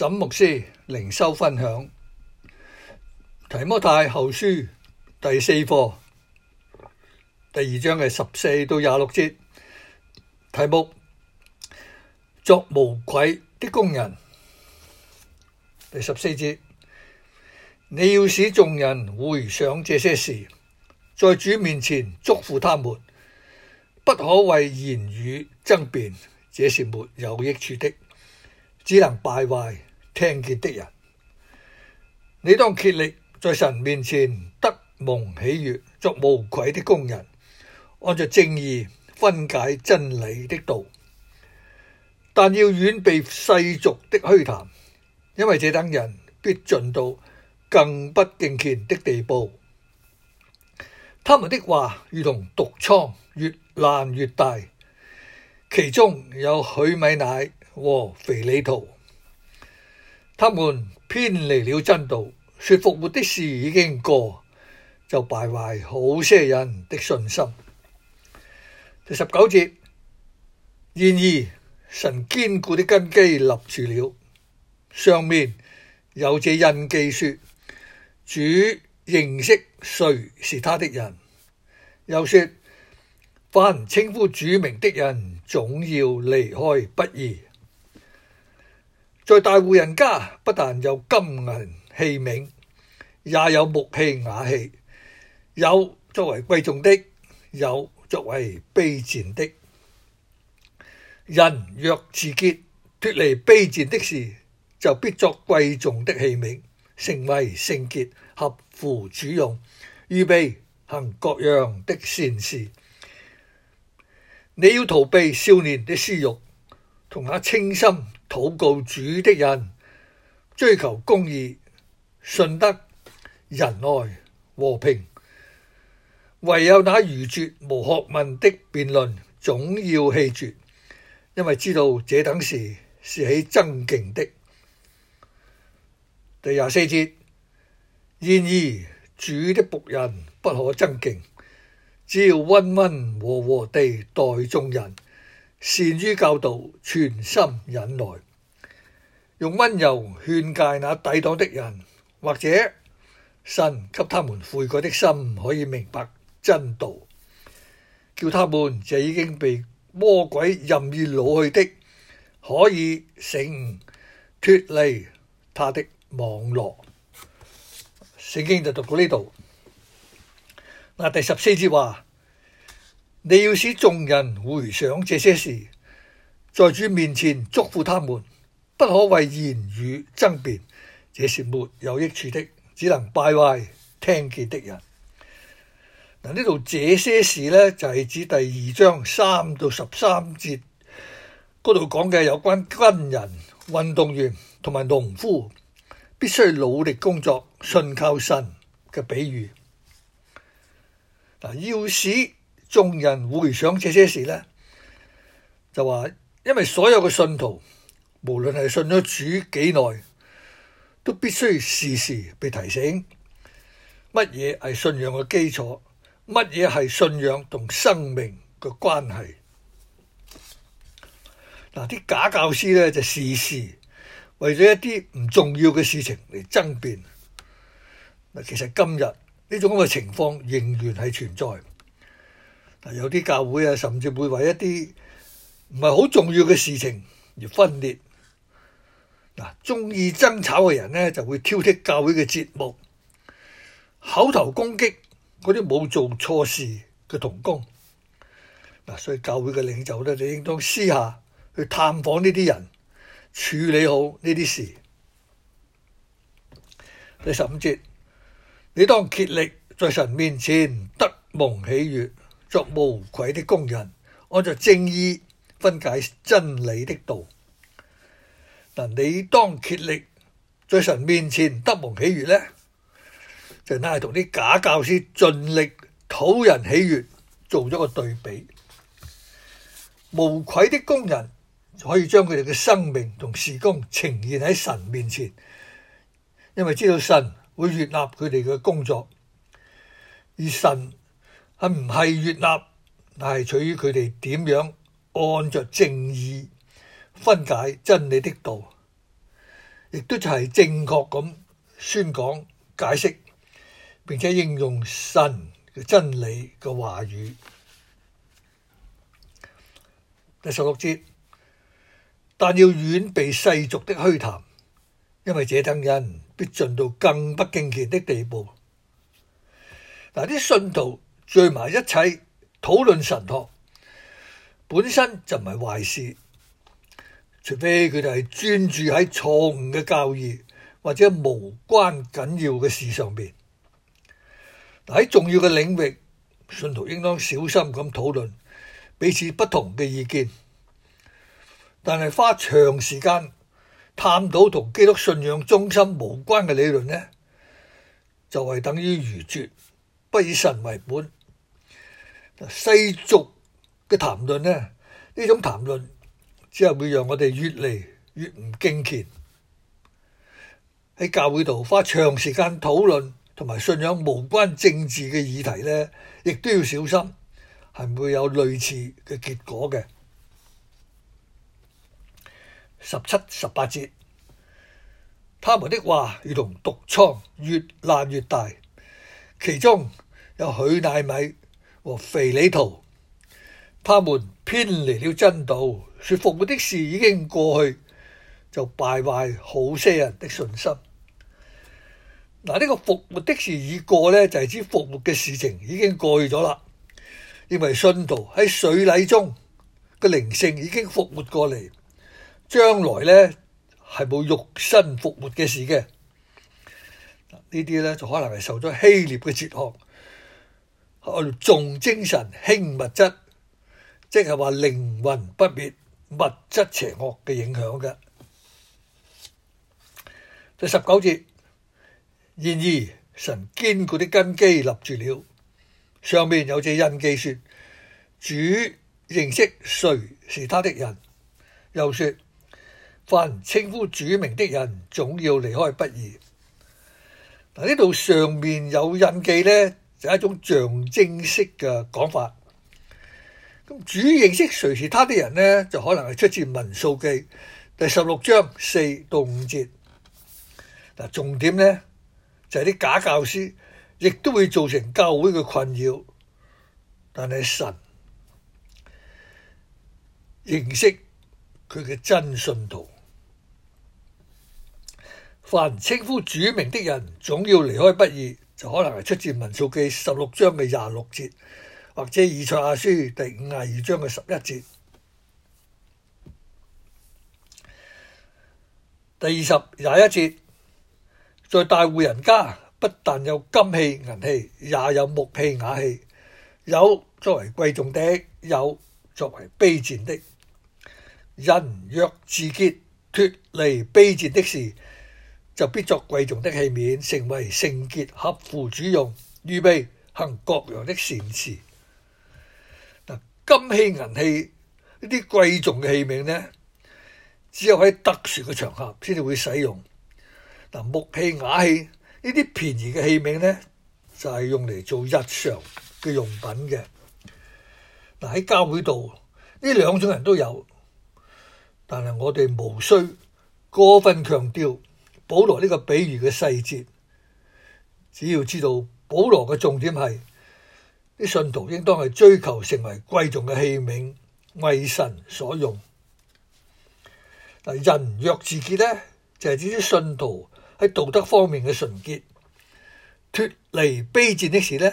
沈牧師靈修分享《提摩太後書》第四課第二章嘅十四到廿六節，題目：作無愧的工人。第十四節，你要使眾人回想這些事，在主面前祝福他們，不可為言語爭辯，這是沒有有益處的，只能敗壞。聽見的人，你當竭力在神面前得蒙喜悦，作無愧的工人，按着正意分解真理的道。但要遠避世俗的虛談，因為這等人必進到更不敬虔的地步。他們的話如同毒瘡，越爛越大，其中有許米乃和腓理徒。他們偏離了真道，說復活的事已經過，就敗壞好些人的信心。第十九節，然而神堅固的根基立住了。上面有這印記說：主認識誰是他的人。又說：凡稱呼主名的人，總要離開不義。在大戶人家，不但有金銀器皿，也有木器、瓦器，有作為貴重的，有作為卑賤的。人若自潔，脫離卑賤的事，就必作貴重的器皿，成為聖潔，合乎主用，預備行各樣的善事。你要逃避少年的私欲，同那清心。禱告主的人追求公義、信德、仁愛、和平，唯有那愚拙無學問的辯論總要棄絕，因為知道這等事是起爭競的。第廿四節，然而主的僕人不可爭競，只要溫溫和和地待眾人。善於教導，全心忍耐，用溫柔勸誡那抵擋的人，或者神給他們悔改的心，可以明白真道，叫他們這已經被魔鬼任意擄去的，可以醒脫離他的網絡。聖經就讀到呢度，嗱，第十四節話。你要使眾人回想這些事，在主面前囑咐他們，不可為言語爭辯，這是沒有益處的，只能敗壞聽見的人。嗱、啊，呢度這些事呢，就係、是、指第二章三到十三節嗰度講嘅有關軍人、運動員同埋農夫必須努力工作、信靠神嘅比喻。嗱、啊，要使眾人回想這些事呢，就話：因為所有嘅信徒，無論係信咗主幾耐，都必須時時被提醒，乜嘢係信仰嘅基礎，乜嘢係信仰同生命嘅關係。嗱，啲假教師呢就時時為咗一啲唔重要嘅事情嚟爭辯。嗱，其實今日呢種咁嘅情況仍然係存在。有啲教會啊，甚至會為一啲唔係好重要嘅事情而分裂。嗱，中意爭吵嘅人咧，就會挑剔教會嘅節目，口頭攻擊嗰啲冇做錯事嘅同工。嗱，所以教會嘅領袖咧，就應當私下去探訪呢啲人，處理好呢啲事。第十五節，你當竭力在神面前得蒙喜悅。作無愧的工人，按照正義分解真理的道。但你當竭力在神面前得蒙喜悦呢？就嗱係同啲假教師盡力討人喜悦做咗個對比。無愧的工人可以將佢哋嘅生命同時光呈現喺神面前，因為知道神會悅納佢哋嘅工作，而神。係唔係悅納，但係取於佢哋，點樣按着正義分解真理的道，亦都就係正確咁宣講解釋，並且應用神嘅真理嘅話語。第十六節，但要遠避世俗的虛談，因為這等人必進到更不敬虔的地步。嗱，啲信徒。聚埋一齊討論神學，本身就唔係壞事，除非佢哋係專注喺錯誤嘅教義或者無關緊要嘅事上邊。喺重要嘅領域，信徒應當小心咁討論彼此不同嘅意見，但係花長時間探討同基督信仰中心無關嘅理論呢，就係等於愚絕，不以神為本。世俗嘅談論咧，呢種談論只係會讓我哋越嚟越唔敬虔。喺教會度花長時間討論同埋信仰無關政治嘅議題咧，亦都要小心，係唔會有類似嘅結果嘅。十七、十八節，他們的話如同毒瘡，越爛越大，其中有許乃米。和腓利徒，他們偏離了真道，說復活的事已經過去，就敗壞好些人的信心。嗱、啊，呢、這個復活的事已過呢就係、是、指復活嘅事情已經過去咗啦。因為信徒喺水禮中嘅靈性已經復活過嚟，將來呢係冇肉身復活嘅事嘅。啊、呢啲呢就可能係受咗希臘嘅哲學。重精神輕物質，即係話靈魂不滅，物質邪惡嘅影響嘅。第十九節，然而神堅固的根基立住了，上面有隻印記說，主認識誰是他的人。又說，凡稱呼主名的人，總要離開不義。嗱，呢度上面有印記呢。就係一種象徵式嘅講法。咁主認識誰是他的人呢，就可能係出自《民數記》第十六章四到五節。嗱，重點呢，就係、是、啲假教師，亦都會造成教會嘅困擾。但係神認識佢嘅真信徒，凡稱呼主名的人，總要離開不義。就可能係出自《民數記》十六章嘅廿六節，或者《以賽亞書》第五十二章嘅十一節、第二十廿一節，在大戶人家不但有金器銀器，也有木器瓦器，有作為貴重的，有作為卑賤的。人若自潔，脱離卑賤的事。就必作貴重的器皿，成為聖潔合乎主用，預備行各樣的善事。嗱，金器、銀器呢啲貴重嘅器皿呢，只有喺特殊嘅場合先至會使用。嗱、木器、瓦器呢啲便宜嘅器皿呢，就係用嚟做日常嘅用品嘅。但喺教會度呢兩種人都有，但係我哋無需過分強調。保羅呢個比喻嘅細節，只要知道保羅嘅重點係啲信徒應當係追求成為貴重嘅器皿，為神所用。嗱，人若自潔呢，就係指啲信徒喺道德方面嘅純潔，脫離卑賤的事呢，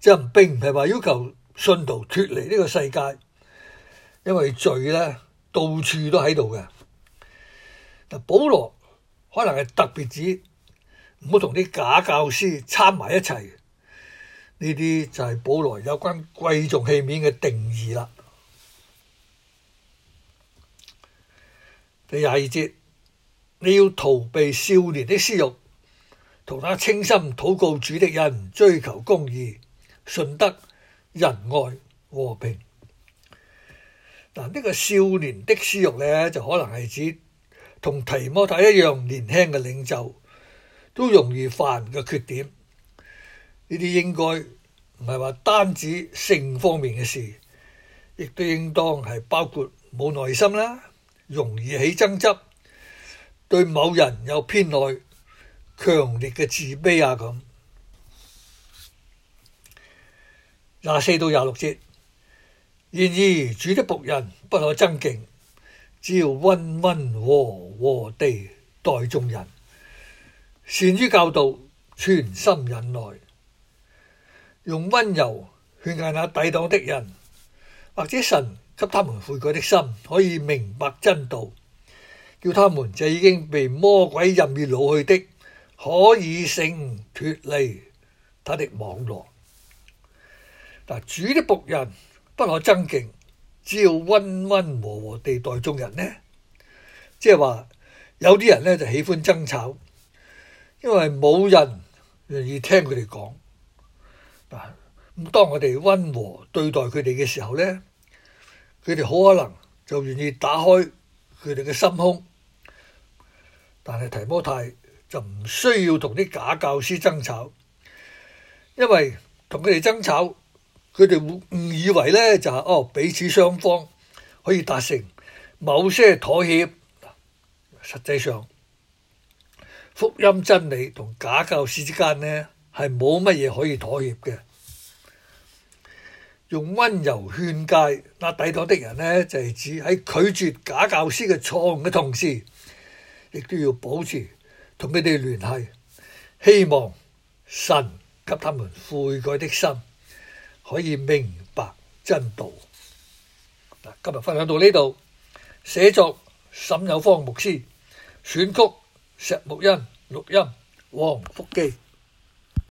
就並唔係話要求信徒脫離呢個世界，因為罪呢，到處都喺度嘅。嗱，保羅。可能係特別指唔好同啲假教師參埋一齊，呢啲就係保羅有關貴重器皿嘅定義啦。第廿二節，你要逃避少年的私欲，同那清心禱告主的人，追求公義、順德、仁愛、和平。嗱，呢個少年的私欲呢，就可能係指。同提摩太一樣年輕嘅領袖，都容易犯嘅缺點，呢啲應該唔係話單止性方面嘅事，亦都應當係包括冇耐心啦，容易起爭執，對某人有偏愛、強烈嘅自卑啊咁。廿四到廿六節，然而主的僕人不可爭競。只要溫溫和和地待眾人，善於教導，存心忍耐，用溫柔勸戒那抵擋的人，或者神給他們悔改的心，可以明白真道，叫他們這已經被魔鬼任意擄去的，可以勝脫離他的網羅。但，主的僕人不可爭競。只要溫溫和和地待眾人呢，即係話有啲人呢就喜歡爭吵，因為冇人願意聽佢哋講。嗱，當我哋溫和對待佢哋嘅時候呢，佢哋好可能就願意打開佢哋嘅心胸。但係提摩太就唔需要同啲假教師爭吵，因為同佢哋爭吵。佢哋誤以為呢就係、是、哦，彼此雙方可以達成某些妥協。實際上，福音真理同假教師之間呢係冇乜嘢可以妥協嘅。用溫柔勸戒那抵抗的人呢，就係、是、指喺拒絕假教師嘅錯誤嘅同時，亦都要保持同佢哋聯繫，希望神給他們悔改的心。可以明白真道。嗱，今日分享到呢度。寫作沈有方牧師，選曲石木恩，錄音黃福基。